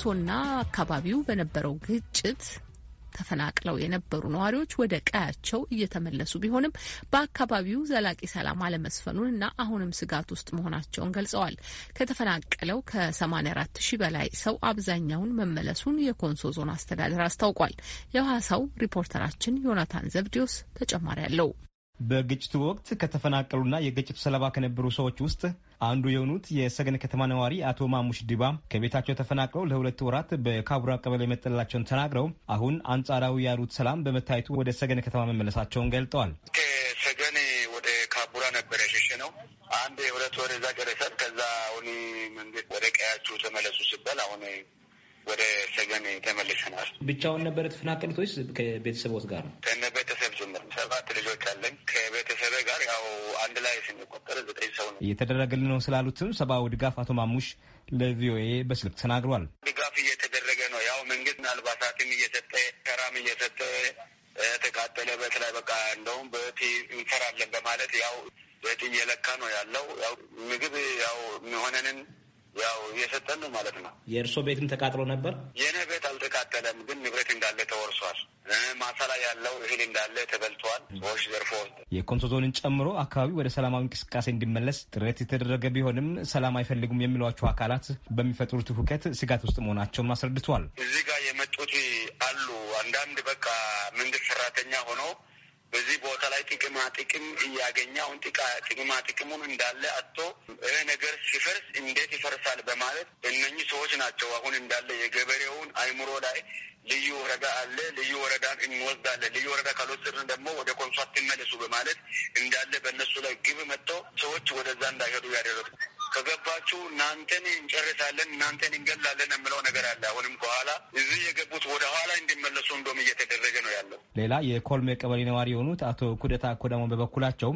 ሶና አካባቢው በነበረው ግጭት ተፈናቅለው የነበሩ ነዋሪዎች ወደ ቀያቸው እየተመለሱ ቢሆንም በአካባቢው ዘላቂ ሰላም አለመስፈኑን እና አሁንም ስጋት ውስጥ መሆናቸውን ገልጸዋል። ከተፈናቀለው ከ84 በላይ ሰው አብዛኛውን መመለሱን የኮንሶ ዞን አስተዳደር አስታውቋል። የሐዋሳው ሪፖርተራችን ዮናታን ዘብዲዮስ ተጨማሪ አለው። በግጭቱ ወቅት ከተፈናቀሉና የግጭቱ ሰለባ ከነበሩ ሰዎች ውስጥ አንዱ የሆኑት የሰገን ከተማ ነዋሪ አቶ ማሙሽ ዲባ ከቤታቸው ተፈናቅለው ለሁለት ወራት በካቡራ ቀበሌ መጠለላቸውን ተናግረው አሁን አንጻራዊ ያሉት ሰላም በመታየቱ ወደ ሰገን ከተማ መመለሳቸውን ገልጠዋል። ከሰገን ወደ ካቡራ ነበር ያሸሸ ነው። አንድ የሁለት ወር እዛ ከዛ አሁን መንግስት ወደ ቀያችሁ ተመለሱ ሲባል አሁን ወደ ሰገን ተመልሰናል። ብቻውን ነበረ የተፈናቀሉት ወይስ ከቤተሰቦት ጋር ነው? ከነ ቤተሰብ ጭምር ሰባት ልጆች አለኝ። ከቤተሰብ ጋር ያው አንድ ላይ ስንቆጠር ዘጠኝ ሰው ነው። እየተደረገልን ነው ስላሉትም ሰብአዊ ድጋፍ አቶ ማሙሽ ለቪኦኤ በስልክ ተናግሯል። ድጋፍ እየተደረገ ነው። ያው መንግስት አልባሳትም እየሰጠ ከራም እየሰጠ የተቃጠለ በት ላይ በቃ እንደውም በት እንሰራለን በማለት ያው በት እየለካ ነው ያለው ያው ምግብ ያው የሚሆነንን ያው እየሰጠን ነው ማለት ነው። የእርሶ ቤትም ተቃጥሎ ነበር? የእኔ ቤት አልተቃጠለም፣ ግን ንብረት እንዳለ ተወርሷል። ማሳ ላይ ያለው እህል እንዳለ ተበልቷል። ሰዎች ዘርፎ የኮንሶ ዞንን ጨምሮ አካባቢ ወደ ሰላማዊ እንቅስቃሴ እንዲመለስ ጥረት የተደረገ ቢሆንም ሰላም አይፈልጉም የሚሏቸው አካላት በሚፈጥሩት ሁከት ስጋት ውስጥ መሆናቸውን አስረድተዋል። እዚህ ጋር የመጡት አሉ አንዳንድ በቃ መንግስት ሰራተኛ ሆኖ በዚህ ቦታ ላይ ጥቅማ ጥቅም እያገኘ አሁን ጥቅማ ጥቅሙን እንዳለ አቶ ይሄ ነገር ሲፈርስ እንዴት ይፈርሳል በማለት እነኚህ ሰዎች ናቸው አሁን እንዳለ የገበሬውን አይምሮ ላይ ልዩ ወረዳ አለ፣ ልዩ ወረዳን እንወስዳለን፣ ልዩ ወረዳ ካልወሰድን ደግሞ ወደ ኮንሶ አትመለሱ በማለት እንዳለ በእነሱ ላይ ግብ መጥቶ ሰዎች ወደዛ እንዳይሄዱ ያደረጉ ከገባችሁ እናንተን እንጨርሳለን፣ እናንተን እንገላለን የምለው ነገር አለ። አሁንም ከኋላ እዚህ የገቡት ወደ ኋላ እንዲመለሱ እንደም እየተደረገ ነው ያለው። ሌላ የኮልሜ ቀበሌ ነዋሪ የሆኑት አቶ ኩደታ ኮደሞ በበኩላቸው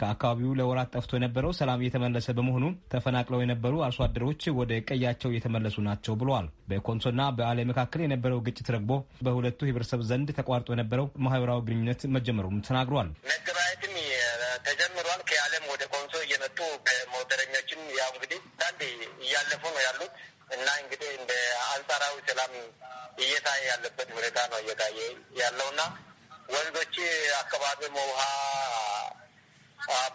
ከአካባቢው ለወራት ጠፍቶ የነበረው ሰላም እየተመለሰ በመሆኑ ተፈናቅለው የነበሩ አርሶ አደሮች ወደ ቀያቸው እየተመለሱ ናቸው ብለዋል። በኮንሶና በአሌ መካከል የነበረው ግጭት ረግቦ በሁለቱ ህብረተሰብ ዘንድ ተቋርጦ የነበረው ማህበራዊ ግንኙነት መጀመሩም ተናግሯል። መገባየትም ያው እንግዲህ አንድ እያለፉ ነው ያሉት እና እንግዲህ እንደ አንጻራዊ ሰላም እየታየ ያለበት ሁኔታ ነው እየታየ ያለውና ወንዞች አካባቢ ውሃ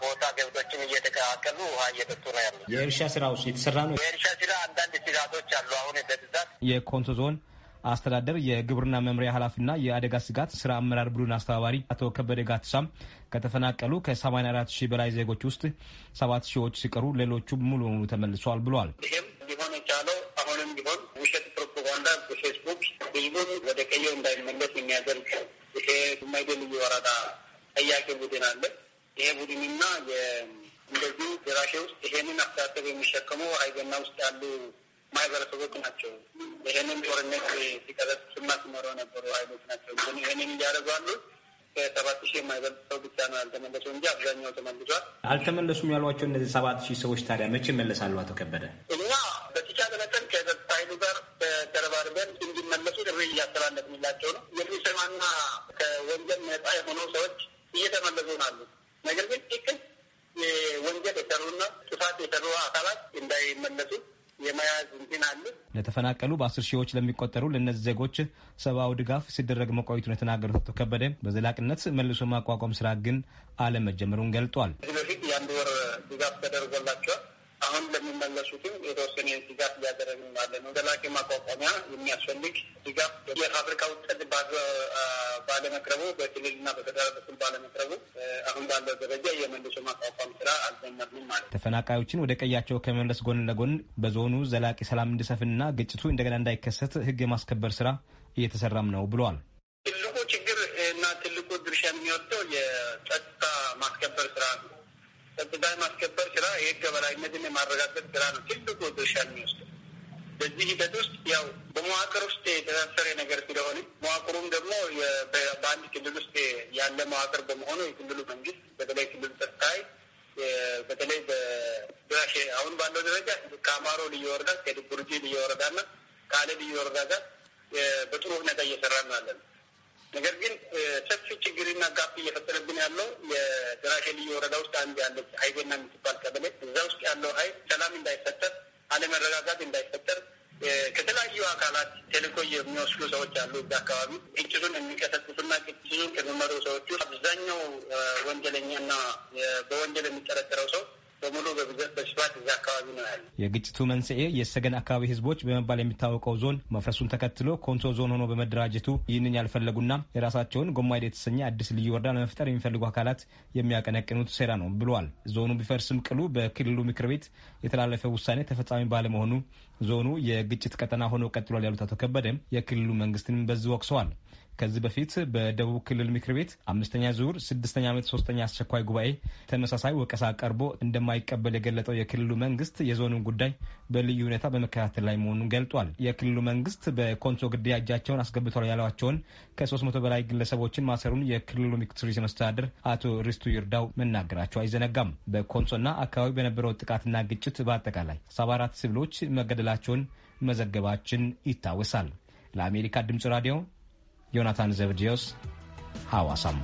ቦታ ገብቶችን እየተቀላቀሉ ውሃ እየጠጡ ነው ያሉት። የእርሻ ውስጥ የተሰራ ነው። የእርሻ ስራ አንዳንድ ስጋቶች አሉ አሁን በብዛት የኮንሶ ዞን አስተዳደር የግብርና መምሪያ ኃላፊና የአደጋ ስጋት ስራ አመራር ቡድን አስተባባሪ አቶ ከበደ ጋትሳም ከተፈናቀሉ ከ84 ሺህ በላይ ዜጎች ውስጥ 7 ሺዎች ሲቀሩ ሌሎቹ ሙሉ በሙሉ ተመልሰዋል ብለዋል። ይህም ሊሆን የቻለው አሁንም ቢሆን ውሸት ፕሮፓጋንዳ በፌስቡክ ህዝቡን ወደ ቀየው እንዳይመለስ የሚያደርግ ይሄ ጉማይደ ወረዳ ጠያቂ ቡድን አለ። ይሄ ቡድንና እንደዚሁ ደራሼ ውስጥ ይሄንን አስተሳሰብ የሚሸከመው ሀይገና ውስጥ ያሉ ማህበረሰቦች ናቸው። ይህንን ጦርነት ሲቀረጽ ስማት ኖረው ነበሩ ሀይሎች ናቸው። ግን ይህንን እያደረጉ ከሰባት ሺህ የማይበልጥ ሰው ብቻ ነው ያልተመለሰው እንጂ አብዛኛው ተመልሷል። አልተመለሱም ያሏቸው እነዚህ ሰባት ሺህ ሰዎች ታዲያ መቼ ይመለሳሉ? አቶ ከበደ እኛ በተቻለ መጠን ከጸጥታ ሀይሉ ጋር ተረባርበን እንዲመለሱ ጥሪ እያስተላለፍንላቸው ነው። የሚሰማና ከወንጀል ነጻ የሆኑ ሰዎች እየተመለሱ ናሉ። ነገር ግን ለተፈናቀሉ በአስር ሺዎች ለሚቆጠሩ ለእነዚህ ዜጎች ሰብአዊ ድጋፍ ሲደረግ መቆየቱን የተናገሩት አቶ ከበደ በዘላቂነት መልሶ ማቋቋም ስራ ግን አለመጀመሩን ገልጧል። ከዚህ በፊት የአንድ ወር ድጋፍ ተደርጎላቸዋል። አሁን ለሚመለሱትም የተወሰነ ድጋፍ እያደረግን ያለ ነው። ዘላቂ ማቋቋሚያ የሚያስፈልግ ድጋፍ የፋብሪካ ውጤት ባለመቅረቡ በክልልና በፌደራል በኩል ባለመቅረቡ አሁን ባለው ደረጃ የመልሶ ማቋቋም ስራ አልጀመርንም ማለት ነው። ተፈናቃዮችን ወደ ቀያቸው ከመመለስ ጎን ለጎን በዞኑ ዘላቂ ሰላም እንዲሰፍንና ግጭቱ እንደገና እንዳይከሰት ህግ የማስከበር ስራ እየተሰራም ነው ብለዋል። ትልቁ ችግር እና ትልቁ ድርሻ የሚወስደው የጸጥታ የበላይነትን የማረጋገጥ ስራ ነው ትልቁ ድርሻ የሚወስደው። በዚህ ሂደት ውስጥ ያው በመዋቅር ውስጥ የተሳሰረ ነገር ስለሆነ መዋቅሩም ደግሞ በአንድ ክልል ውስጥ ያለ መዋቅር በመሆኑ የክልሉ መንግስት በተለይ ክልል ጸጥታ በተለይ በዳሼ አሁን ባለው ደረጃ ከአማሮ ልዩ ወረዳ ከድቡርጂ ልዩ ወረዳና ከአለ ልዩ ወረዳ ጋር በጥሩ ሁኔታ እየሰራ ነው ያለ ነው። ነገር ግን ሰፊ ችግርና ጋፍ እየፈጠረብን ያለው የደራሼ ልዩ ወረዳ ውስጥ አንድ ያለች ሀይቤና የምትባል ቀበሌ እዛ ውስጥ ያለው ሀይል ሰላም እንዳይፈጠር፣ አለመረጋጋት እንዳይፈጠር ከተለያዩ አካላት ቴሌኮ የሚወስዱ ሰዎች አሉ። እዛ አካባቢ ግጭቱን የሚቀሰቅሱና ግጭቱን ከሚመሩ ሰዎቹ አብዛኛው ወንጀለኛና በወንጀል የሚጠረጠረው ሰው በሙሉ በብዛት በስፋት እዛ አካባቢ ነው ያለ። የግጭቱ መንስኤ የሰገን አካባቢ ህዝቦች በመባል የሚታወቀው ዞን መፍረሱን ተከትሎ ኮንሶ ዞን ሆኖ በመደራጀቱ ይህንን ያልፈለጉና የራሳቸውን ጎማይደ የተሰኘ አዲስ ልዩ ወረዳ ለመፍጠር የሚፈልጉ አካላት የሚያቀነቅኑት ሴራ ነው ብለዋል። ዞኑ ቢፈርስም ቅሉ በክልሉ ምክር ቤት የተላለፈ ውሳኔ ተፈጻሚ ባለመሆኑ ዞኑ የግጭት ቀጠና ሆኖ ቀጥሏል ያሉት አቶ ከበደም የክልሉ መንግስትንም በዚህ ወቅሰዋል። ከዚህ በፊት በደቡብ ክልል ምክር ቤት አምስተኛ ዙር ስድስተኛ ዓመት ሶስተኛ አስቸኳይ ጉባኤ ተመሳሳይ ወቀሳ ቀርቦ እንደማይቀበል የገለጠው የክልሉ መንግስት የዞኑን ጉዳይ በልዩ ሁኔታ በመከታተል ላይ መሆኑን ገልጧል። የክልሉ መንግስት በኮንሶ ግድያ እጃቸውን አስገብቷል ያሏቸውን ከ መቶ በላይ ግለሰቦችን ማሰሩን የክልሉ ምክትል ርዕሰ መስተዳድር አቶ ሪስቱ ይርዳው መናገራቸው አይዘነጋም። በኮንሶና አካባቢ በነበረው ጥቃትና ግጭት በአጠቃላይ ሰባ አራት ሲቪሎች መገደላቸውን መዘገባችን ይታወሳል። ለአሜሪካ ድምጽ ራዲዮ ዮናታን ዘብዲዮስ ሐዋሳም